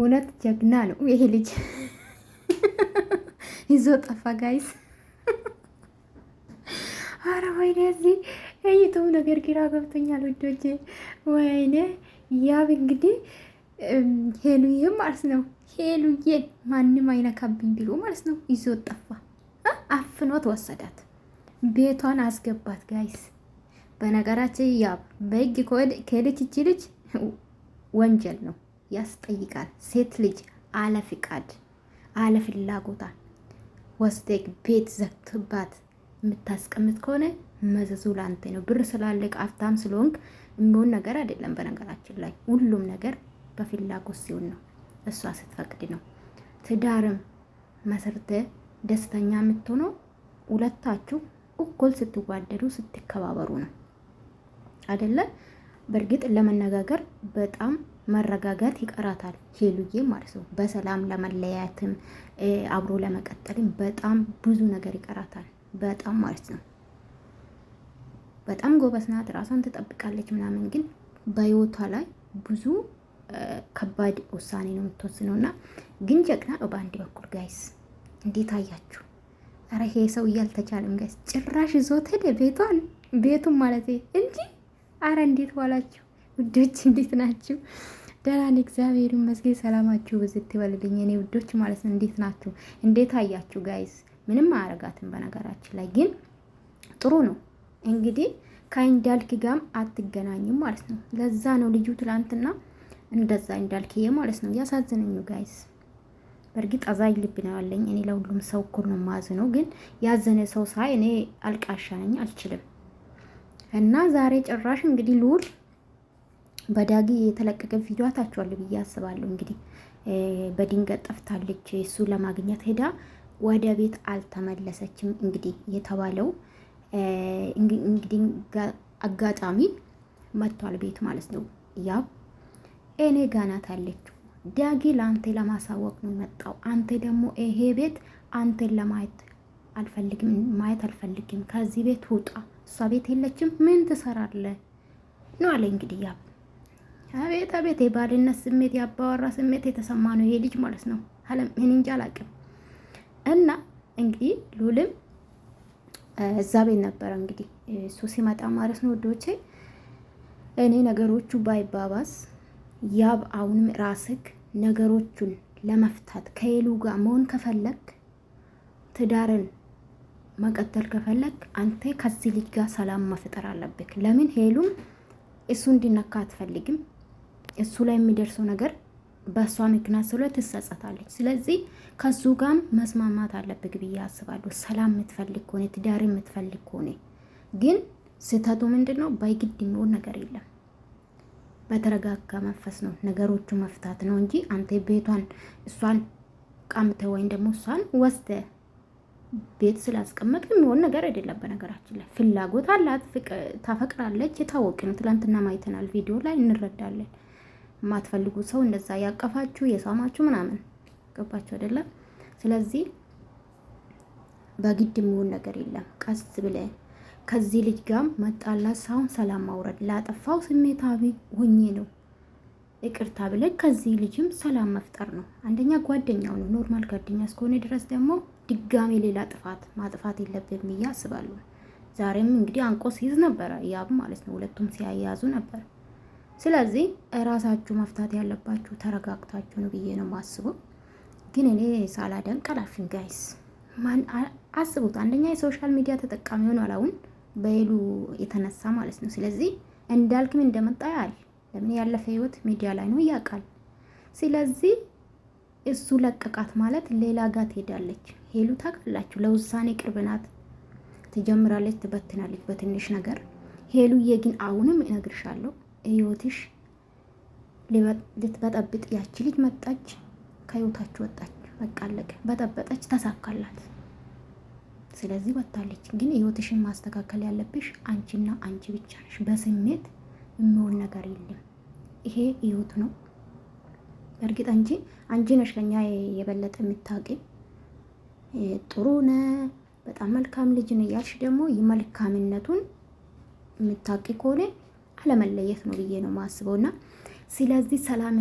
እውነት ጀግና ነው ይሄ ልጅ ይዞ ጠፋ። ጋይስ አረ ወይኔ እዚህ የዩቱብ ነገር ግራ ገብቶኛል ውዶቼ። ወይኔ ያብ እንግዲህ ሄሉዬም ማለት ነው ሄሉዬን ማንም አይነካብኝ ቢሉ ማለት ነው ይዞ ጠፋ። አፍኖት ወሰዳት፣ ቤቷን አስገባት። ጋይስ በነገራችን ያብ በህግ ከሄደች ይቺ ልጅ ወንጀል ነው። ያስጠይቃል። ሴት ልጅ አለ ፍቃድ አለ ፍላጎታ ወስደግ ቤት ዘግትባት የምታስቀምጥ ከሆነ መዘዙ ለአንተ ነው። ብር ስላለቅ አፍታም ስለሆንክ የሚሆን ነገር አይደለም። በነገራችን ላይ ሁሉም ነገር በፍላጎት ሲሆን ነው፣ እሷ ስትፈቅድ ነው። ትዳርም መሰርተ ደስተኛ የምትሆነው ሁለታችሁ እኩል ስትዋደዱ ስትከባበሩ ነው አይደለ? በእርግጥ ለመነጋገር በጣም መረጋጋት ይቀራታል ሄሉዬ ማለት ነው። በሰላም ለመለያየትም አብሮ ለመቀጠልም በጣም ብዙ ነገር ይቀራታል። በጣም ማለት ነው። በጣም ጎበዝ ናት፣ ራሷን ትጠብቃለች ምናምን፣ ግን በህይወቷ ላይ ብዙ ከባድ ውሳኔ ነው የምትወስነው እና ግን ጀግና ነው በአንድ በኩል ጋይስ። እንዴት አያችሁ? ኧረ ይሄ ሰው እያልተቻለም ጋይስ፣ ጭራሽ ይዞት ሄደ ቤቷን፣ ቤቱን ማለት እንጂ። አረ እንዴት ዋላችሁ ውዶች፣ እንዴት ናችሁ? ደህና ነኝ እግዚአብሔር ይመስገን። ሰላማችሁ ብዝት ይበልልኝ እኔ ውዶች ማለት ነው። እንዴት ናችሁ? እንዴት አያችሁ ጋይስ? ምንም አያረጋትም በነገራችን ላይ ግን ጥሩ ነው እንግዲህ ከእንዳልክ ጋም አትገናኝም ማለት ነው። ለዛ ነው ልጁ ትላንትና እንደዛ እንዳልክዬ ማለት ነው ያሳዝነኝ ጋይስ። በእርግጥ አዛኝ ልብ ነው ያለኝ እኔ ለሁሉም ሰው እኩል ነው የማዝነው፣ ግን ያዘነ ሰው ሳይ እኔ አልቃሻ ነኝ አልችልም። እና ዛሬ ጭራሽ እንግዲህ ልውል በዳጊ የተለቀቀ ቪዲዮ አታችኋል ብዬ አስባለሁ። እንግዲህ በድንገት ጠፍታለች። እሱ ለማግኘት ሄዳ ወደ ቤት አልተመለሰችም። እንግዲህ የተባለው እንግዲህ አጋጣሚ መጥቷል ቤት ማለት ነው። ያ እኔ ጋናት ያለችው ዳጊ ለአንተ ለማሳወቅ ነው መጣው። አንተ ደግሞ ይሄ ቤት አንተን ለማየት አልፈልግም፣ ማየት አልፈልግም። ከዚህ ቤት ውጣ። እሷ ቤት የለችም። ምን ትሰራለ ነው አለ እንግዲህ ያ አቤት አቤት የባልነት ስሜት ያባወራ ስሜት የተሰማ ነው ይሄ ልጅ ማለት ነው። አለም ይህን እንጂ አላውቅም። እና እንግዲህ ሉልም እዛ ቤት ነበረ እንግዲህ እሱ ሲመጣ ማለት ነው ወዶቼ እኔ ነገሮቹ ባይባባስ ያብ አሁንም ራስክ ነገሮቹን ለመፍታት ከሄሉ ጋር መሆን ከፈለግ ትዳርን መቀጠል ከፈለግ አንተ ከዚህ ልጅ ጋር ሰላም መፍጠር አለብክ። ለምን ሄሉም እሱ እንዲነካ አትፈልግም። እሱ ላይ የሚደርሰው ነገር በእሷ ምክንያት ስለ ትጸጸታለች። ስለዚህ ከሱ ጋም መስማማት አለብህ ብዬ አስባለሁ። ሰላም የምትፈልግ ከሆነ ትዳር የምትፈልግ ከሆነ ግን ስህተቱ ምንድን ነው? በግድ የሚሆን ነገር የለም። በተረጋጋ መንፈስ ነው ነገሮቹ መፍታት ነው እንጂ አንተ ቤቷን እሷን ቀምተ ወይም ደግሞ እሷን ወስደ ቤት ስላስቀመጥ የሚሆን ነገር አይደለም። በነገራችን ላይ ፍላጎት አላት፣ ታፈቅራለች፣ የታወቅ ነው። ትላንትና ማይተናል ቪዲዮ ላይ እንረዳለን። የማትፈልጉት ሰው እንደዛ ያቀፋችሁ የሳማችሁ ምናምን ገባችሁ አይደለም? ስለዚህ በግድ የሚሆን ነገር የለም። ቀስ ብለን ከዚህ ልጅ ጋር መጣላት ሳይሆን ሰላም ማውረድ፣ ላጠፋው ስሜታዊ ሆኜ ነው ይቅርታ ብለን ከዚህ ልጅም ሰላም መፍጠር ነው። አንደኛ ጓደኛው ነው፣ ኖርማል ጓደኛ እስከሆነ ድረስ ደግሞ ድጋሜ ሌላ ጥፋት ማጥፋት የለብን ብዬ አስባለሁ። ዛሬም እንግዲህ አንቆ ሲይዝ ነበረ ያብ ማለት ነው። ሁለቱም ሲያያዙ ነበር። ስለዚህ ራሳችሁ መፍታት ያለባችሁ ተረጋግታችሁ ነው ብዬ ነው ማስቡ ግን እኔ ሳላደንቅ አላልፍም ጋይስ። አስቡት አንደኛ የሶሻል ሚዲያ ተጠቃሚ ሆኗል አሁን በሄሉ የተነሳ ማለት ነው። ስለዚህ እንዳልክም እንደመጣ ያል ለምን ያለፈ ህይወት ሚዲያ ላይ ነው እያውቃል። ስለዚህ እሱ ለቀቃት ማለት ሌላ ጋ ትሄዳለች። ሄሉ ታውቃላችሁ፣ ለውሳኔ ቅርብ ናት። ትጀምራለች፣ ትበትናለች በትንሽ ነገር። ሄሉዬ ግን አሁንም እነግርሻለሁ ህይወትሽ ልትበጠብጥ ያቺ ልጅ መጣች፣ ከህይወታችሁ ወጣች፣ በቃ በጠበጠች፣ ተሳካላት። ስለዚህ ወጣለች። ግን ህይወትሽን ማስተካከል ያለብሽ አንቺና አንቺ ብቻ ነሽ። በስሜት የሚሆን ነገር የለም። ይሄ ህይወት ነው። እርግጥ አንቺ አንቺ ነሽ ከኛ የበለጠ የምታውቂ ጥሩ ነ በጣም መልካም ልጅ ነው ያልሽ ደግሞ የመልካምነቱን የምታውቂ ከሆነ አለመለየት ነው ብዬ ነው ማስበው እና ስለዚህ ሰላም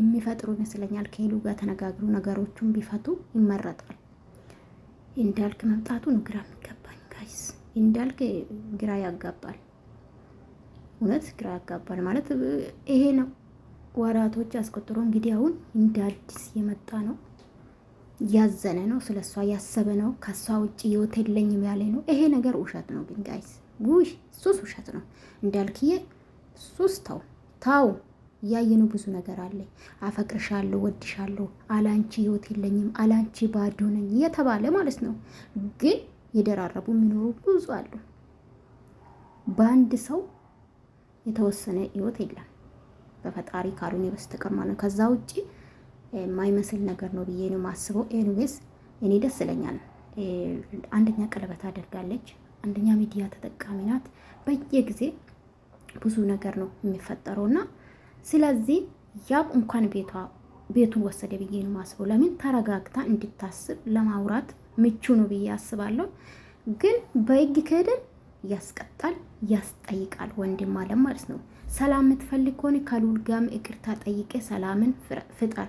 የሚፈጥሩ ይመስለኛል። ከሄሉ ጋር ተነጋግሩ ነገሮቹን ቢፈቱ ይመረጣል። እንዳልክ መምጣቱ ነው ግራ የሚገባኝ ጋይስ። እንዳልክ ግራ ያጋባል፣ እውነት ግራ ያጋባል። ማለት ይሄ ነው ወራቶች አስቆጥሮ እንግዲህ አሁን እንደ አዲስ የመጣ ነው። ያዘነ ነው፣ ስለ እሷ ያሰበ ነው፣ ከእሷ ውጭ ህይወት የለኝም ያለ ነው። ይሄ ነገር ውሸት ነው ግን ጋይስ፣ ውይ እሱስ ውሸት ነው እንዳልክዬ እሱስ ተው ተው፣ እያየነው ብዙ ነገር አለ። አፈቅርሻለሁ፣ ወድሻለሁ፣ አላንቺ ህይወት የለኝም፣ አላንቺ ባዶ ነኝ እየተባለ ማለት ነው። ግን የደራረቡ የሚኖሩ ብዙ አሉ። በአንድ ሰው የተወሰነ ህይወት የለም በፈጣሪ ካልሆነ በስተቀር ማለት ነው። ከዛ ውጭ የማይመስል ነገር ነው ብዬ ነው ማስበው። ኤንዌስ እኔ ደስ ይለኛል። አንደኛ ቀለበት አድርጋለች፣ አንደኛ ሚዲያ ተጠቃሚ ናት በየጊዜ ብዙ ነገር ነው የሚፈጠረው እና ስለዚህ ያብ እንኳን ቤቷ ቤቱን ወሰደ ብዬ ነው ማስበው። ለምን ተረጋግታ እንድታስብ ለማውራት ምቹ ነው ብዬ አስባለሁ። ግን በህግ ከሄደን ያስቀጣል፣ ያስጠይቃል ወንድም አለ ማለት ነው። ሰላም የምትፈልግ ከሆነ ከሉል ጋም ይቅርታ ጠይቀ ሰላምን ፍጠር።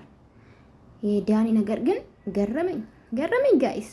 የዳኒ ነገር ግን ገረመኝ ገረመኝ ጋይስ